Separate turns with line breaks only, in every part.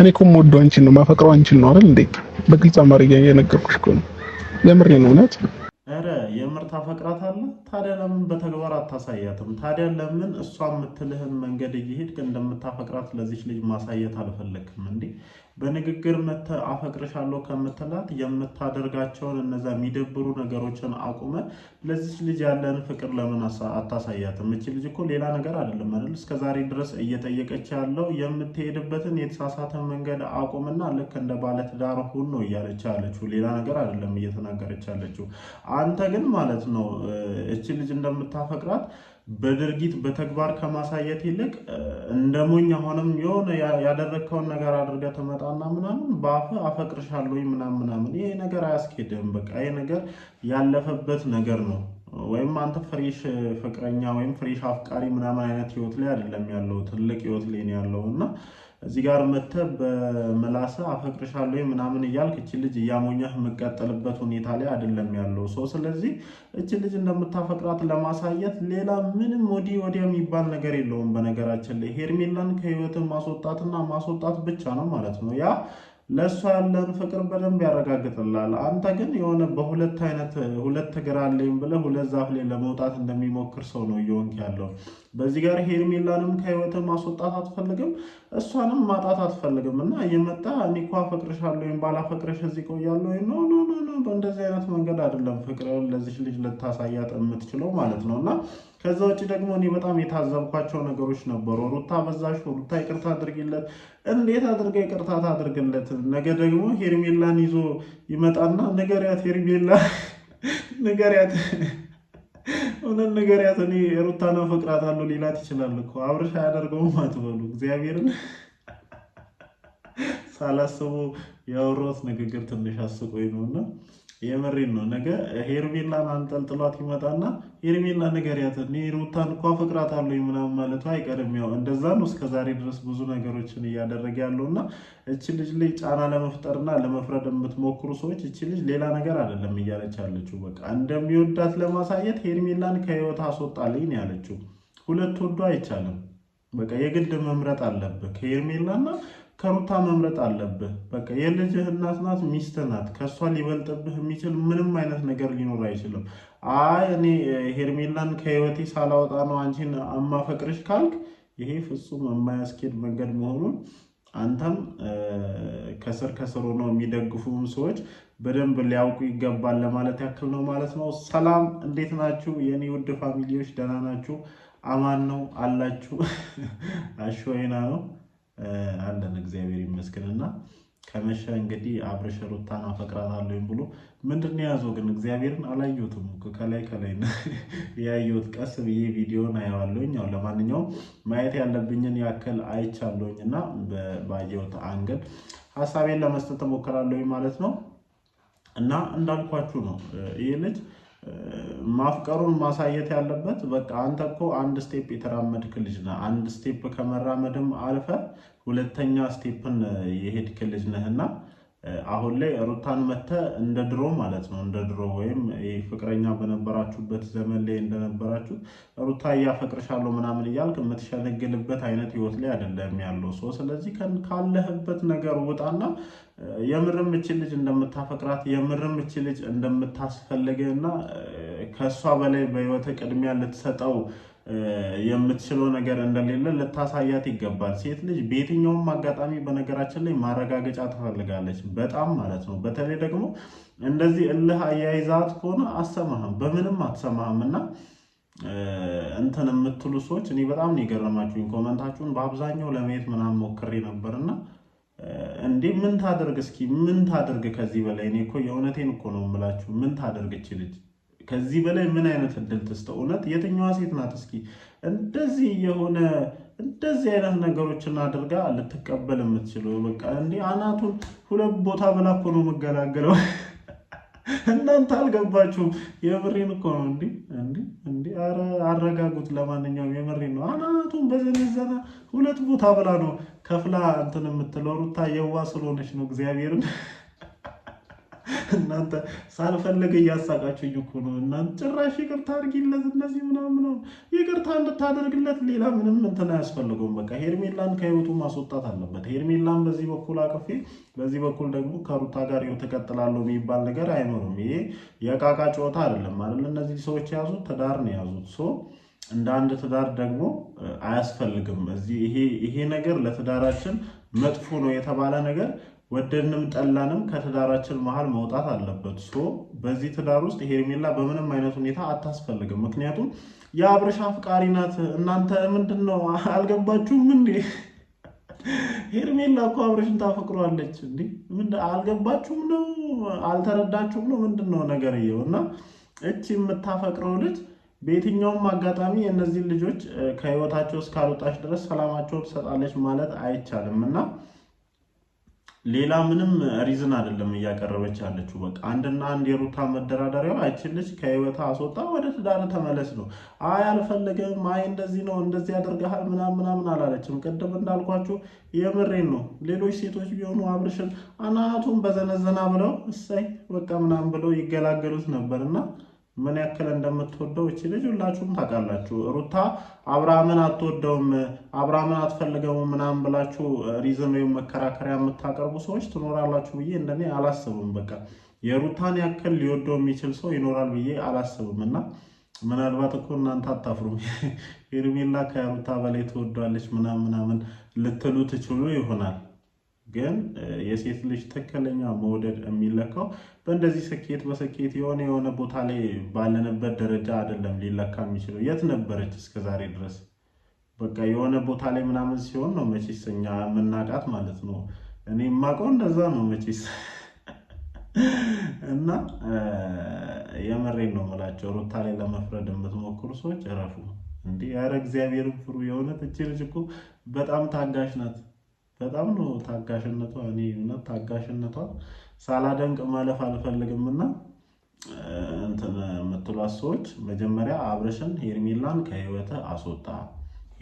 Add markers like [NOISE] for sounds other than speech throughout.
እኔ እኮ የምወደው አንቺን ነው ማፈቅረው አንቺን ነው አይደል እንዴ? በግልጽ አማርኛ እየነገርኩሽ እኮ ነው። የምሬ ነው እውነት።
ኧረ የምር ታፈቅራታለህ? ታዲያ ለምን በተግባር አታሳያትም? ታዲያ ለምን እሷ የምትልህን መንገድ እየሄድክ እንደምታፈቅራት ለዚች ልጅ ማሳየት አልፈለግክም እንዴ? በንግግር አፈቅርሻለሁ ከምትላት የምታደርጋቸውን እነዛ የሚደብሩ ነገሮችን አቁመ ለዚች ልጅ ያለን ፍቅር ለምን አታሳያትም? እቺ ልጅ እኮ ሌላ ነገር አይደለም አይደል? እስከ ዛሬ ድረስ እየጠየቀች ያለው የምትሄድበትን የተሳሳተ መንገድ አቁምና ልክ እንደ ባለትዳር ሁን ነው እያለች ያለችው። ሌላ ነገር አይደለም እየተናገረች ያለችው። አንተ ግን ማለት ነው እች ልጅ እንደምታፈቅራት በድርጊት በተግባር ከማሳየት ይልቅ እንደ ሞኝ አሁንም የሆነ ያደረግከውን ነገር አድርገ ትመጣና ምናምን በአፍህ አፈቅርሻለሁኝ ምናምን ምናምን፣ ይሄ ነገር አያስኬድም። በቃ ይሄ ነገር ያለፈበት ነገር ነው። ወይም አንተ ፍሬሽ ፍቅረኛ ወይም ፍሬሽ አፍቃሪ ምናምን አይነት ህይወት ላይ አይደለም ያለው፣ ትልቅ ህይወት ላይ ነው ያለው እና እዚህ ጋር መተ በመላሰ አፈቅርሻለሁ ምናምን እያልክ እች ልጅ እያሞኛህ የምቀጠልበት ሁኔታ ላይ አይደለም ያለው ሰው። ስለዚህ እች ልጅ እንደምታፈቅራት ለማሳየት ሌላ ምንም ወዲህ ወዲያ የሚባል ነገር የለውም። በነገራችን ላይ ሄርሜላን ከህይወት ማስወጣትና ማስወጣት ብቻ ነው ማለት ነው ያ ለእሷ ያለን ፍቅር በደንብ ያረጋግጥላል። አንተ ግን የሆነ በሁለት አይነት ሁለት እግር አለኝ ብለህ ሁለት ዛፍ ላይ ለመውጣት እንደሚሞክር ሰው ነው እየሆንክ ያለው። በዚህ ጋር ሄርሜላንም ከህይወት ማስወጣት አትፈልግም፣ እሷንም ማጣት አትፈልግም። እና እየመጣ እኔ እኮ አፈቅርሻለሁ ወይም ባላፈቅርሽ እዚህ ቆያለሁ ወይ? ኖ ኖ ኖ፣ በእንደዚህ አይነት መንገድ አይደለም ፍቅርን ለዚች ልጅ ልታሳያት የምትችለው ማለት ነው እና ከዛ ውጭ ደግሞ እኔ በጣም የታዘብኳቸው ነገሮች ነበሩ። ሩታ በዛሽ ሩታ ይቅርታ አድርግለት። እንዴት አድርገ ይቅርታ ታድርግለት? ነገ ደግሞ ሄርሜላን ይዞ ይመጣና ንገሪያት፣ ሄርሜላ ንገሪያት፣ እውነት ንገሪያት፣ እኔ ሩታን አፈቅራታለሁ ሊላት ይችላል እኮ። አብርሻ አያደርገውም አትበሉ። እግዚአብሔርን ሳላስቡ ያወራሁት ንግግር ትንሽ አስቆኝ ነውና የምሬን ነው። ነገ ሄርሜላን አንጠልጥሏት ይመጣና ሄርሜላ ንገሪያት እኔ ሩታን እኮ አፈቅራታለሁ ምናምን ማለቱ አይቀርም። ያው እንደዛ ነው ዛሬ ድረስ ብዙ ነገሮችን እያደረገ ያለው እና እቺ ልጅ ላይ ጫና ለመፍጠርና ለመፍረድ የምትሞክሩ ሰዎች እቺ ልጅ ሌላ ነገር አይደለም እያለች ያለችው በቃ እንደሚወዳት ለማሳየት ሄርሜላን ከህይወት አስወጣልኝ ነው ያለችው። ሁለት ወዶ አይቻልም። በቃ የግድ መምረጥ አለብህ ሄርሜላና ከሩታ መምረጥ አለብህ። በቃ የልጅህ እናት ናት፣ ሚስት ናት። ከእሷ ሊበልጥብህ የሚችል ምንም አይነት ነገር ሊኖር አይችልም። አይ እኔ ሄርሜላን ከህይወቴ ሳላወጣ ነው አንቺን አማፈቅርሽ ካልክ ይሄ ፍጹም የማያስኬድ መንገድ መሆኑን አንተም ከስር ከስር ሆነው የሚደግፉም ሰዎች በደንብ ሊያውቁ ይገባል ለማለት ያክል ነው ማለት ነው። ሰላም እንዴት ናችሁ የእኔ ውድ ፋሚሊዎች? ደህና ናችሁ? አማን ነው አላችሁ? አሸወይና ነው አለን እግዚአብሔር ይመስገንና ከመሸ እንግዲህ አብርሽ ሩታን አፈቅራታለሁ ብሎ ምንድን የያዘው ግን እግዚአብሔርን አላየሁትም። ከላይ ከላይ [LAUGHS] ያየሁት ቀስ ብዬ ቪዲዮን አየዋለሁኝ። ያው ለማንኛውም ማየት ያለብኝን ያክል አይቻለሁኝ እና ባየሁት አንገድ ሀሳቤን ለመስጠት እሞክራለሁኝ ማለት ነው እና እንዳልኳችሁ ነው ይህ ልጅ ማፍቀሩን ማሳየት ያለበት በቃ አንተ እኮ አንድ ስቴፕ የተራመድክ ልጅ ነህ። አንድ ስቴፕ ከመራመድም አልፈ ሁለተኛ ስቴፕን የሄድክ ልጅ ነህና አሁን ላይ ሩታን መተ እንደ ድሮ ማለት ነው እንደ ድሮ ወይም ፍቅረኛ በነበራችሁበት ዘመን ላይ እንደነበራችሁ ሩታ እያፈቅርሻለሁ ምናምን እያልክ የምትሸነግልበት አይነት ህይወት ላይ አይደለም ያለው ሰው። ስለዚህ ካለህበት ነገር ውጣና የምርም እች ልጅ እንደምታፈቅራት የምርም እች ልጅ እንደምታስፈልግና ከእሷ በላይ በህይወት ቅድሚያ ልትሰጠው የምትችለው ነገር እንደሌለ ልታሳያት ይገባል። ሴት ልጅ በየትኛውም አጋጣሚ በነገራችን ላይ ማረጋገጫ ትፈልጋለች፣ በጣም ማለት ነው። በተለይ ደግሞ እንደዚህ እልህ አያይዛት ከሆነ አሰማህም፣ በምንም አትሰማህም እና እንትን የምትሉ ሰዎች እኔ በጣም ነው የገረማችሁኝ። ኮመንታችሁን በአብዛኛው ለማየት ምናምን ሞክሬ ነበርና እንዴ ምን ታደርግ እስኪ ምን ታደርግ ከዚህ በላይ እኔ እኮ የእውነቴን እኮ ነው የምላችሁ ምን ታደርግ እች ልጅ ከዚህ በላይ ምን አይነት እድል ትስጥ? እውነት የትኛዋ ሴት ናት እስኪ እንደዚህ የሆነ እንደዚህ አይነት ነገሮችን አድርጋ ልትቀበል የምትችለው? በቃ እንዲ አናቱን ሁለት ቦታ ብላ እኮ ነው የምገላገለው። [LAUGHS] እናንተ አልገባችሁም። የምሬን እኮ ነው። እንዲ እንዲ አረጋጉት። ለማንኛውም የምሬን ነው። አናቱን በዘነዘና ሁለት ቦታ ብላ ነው ከፍላ እንትን የምትለው። ሩታ የዋ ስለሆነች ነው እግዚአብሔርን እናንተ ሳልፈልግ እያሳቃችሁኝ እኮ ነው። እናንተ ጭራሽ ይቅርታ አድርጊለት እነዚህ ምናምን ነው። ይቅርታ እንድታደርግለት ሌላ ምንም እንትን አያስፈልገውም። በቃ ሄርሜላን ከህይወቱ ማስወጣት አለበት። ሄርሜላን በዚህ በኩል አቅፌ፣ በዚህ በኩል ደግሞ ከሩታ ጋር ተቀጥላለሁ የሚባል ነገር አይኖርም። ይሄ የቃቃ ጨዋታ አይደለም አይደል? እነዚህ ሰዎች የያዙት ትዳር ነው የያዙት ሶ እንደ አንድ ትዳር ደግሞ አያስፈልግም። ይሄ ነገር ለትዳራችን መጥፎ ነው የተባለ ነገር ወደድንም ጠላንም ከትዳራችን መሀል መውጣት አለበት። ሶ በዚህ ትዳር ውስጥ ሄርሜላ በምንም አይነት ሁኔታ አታስፈልግም። ምክንያቱም የአብርሽ አፍቃሪ ናት። እናንተ ምንድን ነው አልገባችሁም እንዴ? ሄርሜላ እኮ አብርሽን ታፈቅሯለች እንዴ? አልገባችሁም ነው? አልተረዳችሁም ነው? ምንድን ነው ነገር እየው እና እቺ የምታፈቅረው ልጅ በየትኛውም አጋጣሚ የእነዚህን ልጆች ከህይወታቸው እስካልወጣች ድረስ ሰላማቸውን ትሰጣለች ማለት አይቻልም እና ሌላ ምንም ሪዝን አይደለም እያቀረበች ያለችው። በቃ አንድና አንድ የሩታ መደራደሪያው አይችን ከህይወት ከህይወታ አስወጣ፣ ወደ ትዳር ተመለስ ነው። አይ አልፈለገም፣ አይ እንደዚህ ነው እንደዚህ ያደርግሃል ምናምን ምናምን አላለችም። ቅድም እንዳልኳችሁ የምሬን ነው። ሌሎች ሴቶች ቢሆኑ አብርሽን አናቱን በዘነዘና ብለው እሰይ በቃ ምናምን ብለው ይገላገሉት ነበር እና ምን ያክል እንደምትወደው እቺ ልጅ ሁላችሁም ታውቃላችሁ። ሩታ አብርሃምን አትወደውም፣ አብርሃምን አትፈልገውም ምናምን ብላችሁ ሪዝን ወይም መከራከሪያ የምታቀርቡ ሰዎች ትኖራላችሁ ብዬ እንደኔ አላስብም። በቃ የሩታን ያክል ሊወደው የሚችል ሰው ይኖራል ብዬ አላስብም። እና ምናልባት እኮ እናንተ አታፍሩም፣ [LAUGHS] ሄርሜላ ከሩታ በላይ ትወዷለች ምናምን ምናምን ልትሉ ትችሉ ይሆናል። ግን የሴት ልጅ ትክክለኛ መውደድ የሚለካው በእንደዚህ ስኬት በስኬት የሆነ የሆነ ቦታ ላይ ባለንበት ደረጃ አይደለም ሊለካ የሚችለው። የት ነበረች እስከዛሬ ድረስ? በቃ የሆነ ቦታ ላይ ምናምን ሲሆን ነው መቼስ እኛ የምናቃት ማለት ነው። እኔ የማውቀው እንደዛ ነው መቼስ። [LAUGHS] እና የመሬን ነው የምላቸው፣ ሩታ ላይ ለመፍረድ የምትሞክሩ ሰዎች እረፉ። እንዲህ ያረ እግዚአብሔር ፍሩ። የእውነት እቺ ልጅ እኮ በጣም ታጋሽ ናት። በጣም ነው ታጋሽነቷ። እኔ እውነት ታጋሽነቷ ሳላደንቅ ማለፍ አልፈልግም እና እንትን የምትሏት ሰዎች መጀመሪያ አብርሽን ሄርሜላን ከህይወት አስወጣ።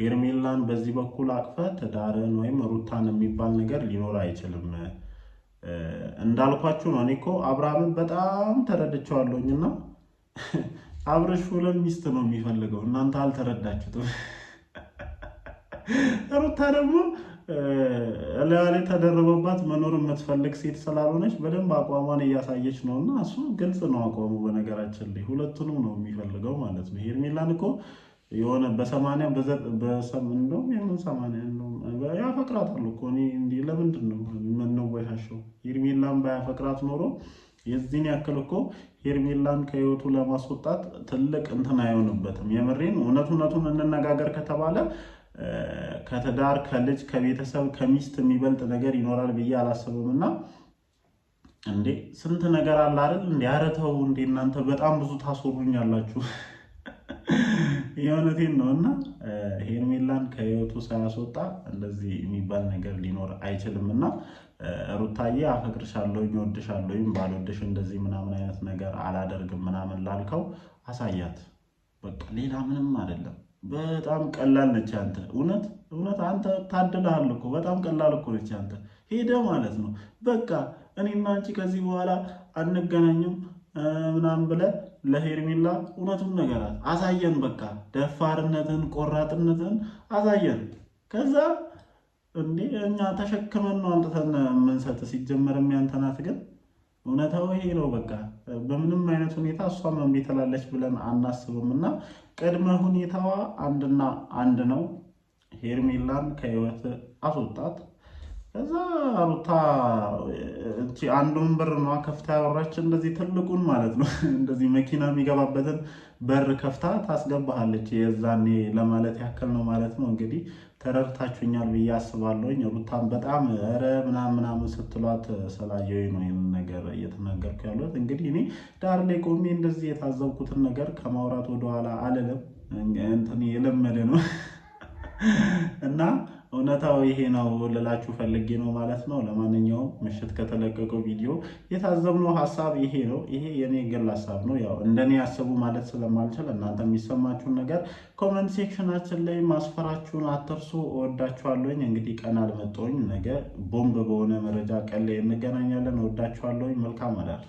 ሄርሜላን በዚህ በኩል አቅፈ ትዳርን ወይም ሩታን የሚባል ነገር ሊኖር አይችልም። እንዳልኳችሁ ነው። እኔ እኮ አብርሃምን በጣም ተረድቼዋለሁኝ እና አብርሽ ሁለት ሚስት ነው የሚፈልገው። እናንተ አልተረዳችሁትም። [LAUGHS] ሩታ ደግሞ እላያ ላይ መኖር የምትፈልግ ሴት ስላልሆነች በደንብ አቋሟን እያሳየች ነው። እና እሱ ግልጽ ነው አቋሙ። በነገራችን ላይ ሁለቱንም ነው የሚፈልገው ማለት ነው። ሄርሜላን እኮ የሆነ በሰማንያ እንደውም የምን ሰማንያ ያፈቅራታል እኮ እኔ እንዲህ ለምንድን ነው የምንወሻሸው? ሄርሜላን ባያፈቅራት ኖሮ የዚህን ያክል እኮ ሄርሜላን ከህይወቱ ለማስወጣት ትልቅ እንትን አይሆንበትም። የምሬን እውነት እውነቱን እንነጋገር ከተባለ ከትዳር ከልጅ ከቤተሰብ ከሚስት የሚበልጥ ነገር ይኖራል ብዬ አላስብም። እና እንዴ ስንት ነገር አለ አይደል? እንዲ ያረተው እንዴ እናንተ በጣም ብዙ ታስሩኛላችሁ። [LAUGHS] የእውነቴን ነው። እና ሄርሜላን ከህይወቱ ሳያስወጣ እንደዚህ የሚባል ነገር ሊኖር አይችልም። እና ሩታዬ አፈቅርሻለሁኝ፣ ወድሻለሁኝ፣ ባልወድሽ እንደዚህ ምናምን አይነት ነገር አላደርግም ምናምን ላልከው አሳያት። በቃ ሌላ ምንም አይደለም። በጣም ቀላል ነች። አንተ እውነት እውነት አንተ ታድለሃል እኮ በጣም ቀላል እኮ ነች። አንተ ሄደ ማለት ነው። በቃ እኔና አንቺ ከዚህ በኋላ አንገናኝም ምናምን ብለ ለሄርሜላ እውነቱን ነገራት። አሳየን፣ በቃ ደፋርነትን፣ ቆራጥነትን አሳየን። ከዛ እንዴ እኛ ተሸክመን ነው አምጥተን የምንሰጥ። ሲጀመር የሚያንተናት ግን እውነታው ይሄ ነው። በቃ በምንም አይነት ሁኔታ እሷም እምቢ ትላለች ብለን አናስብም እና ቅድመ ሁኔታዋ አንድና አንድ ነው። ሄርሜላን ከህይወት አስወጣት። ከዛ ሩታ እቺ አንዱን በር ነዋ ከፍታ ያወራች፣ እንደዚህ ትልቁን ማለት ነው [LAUGHS] እንደዚህ መኪና የሚገባበትን በር ከፍታ ታስገባሃለች። የዛኔ ለማለት ያክል ነው ማለት ነው። እንግዲህ ተረድታችሁኛል ብዬ አስባለሁኝ። ሩታን በጣም ረ ምናምን ምናምን ስትሏት ስላየሁኝ ነው ይህን ነገር እየተናገርኩ ያሉት። እንግዲህ እኔ ዳር ላይ ቆሜ እንደዚህ የታዘብኩትን ነገር ከማውራት ወደኋላ አልልም። እንትን የለመደ ነው [LAUGHS] እና እውነታው ይሄ ነው ልላችሁ ፈልጌ ነው ማለት ነው። ለማንኛውም ምሽት ከተለቀቀው ቪዲዮ የታዘብነው ሀሳብ ይሄ ነው። ይሄ የኔ ግል ሀሳብ ነው። ያው እንደኔ ያሰቡ ማለት ስለማልችል እናንተ የሚሰማችሁን ነገር ኮመንት ሴክሽናችን ላይ ማስፈራችሁን አትርሱ። እወዳችኋለሁኝ። እንግዲህ ቀን አልመጣሁኝ። ነገ ቦምብ በሆነ መረጃ ቀን ላይ እንገናኛለን። እወዳችኋለሁኝ። መልካም አዳር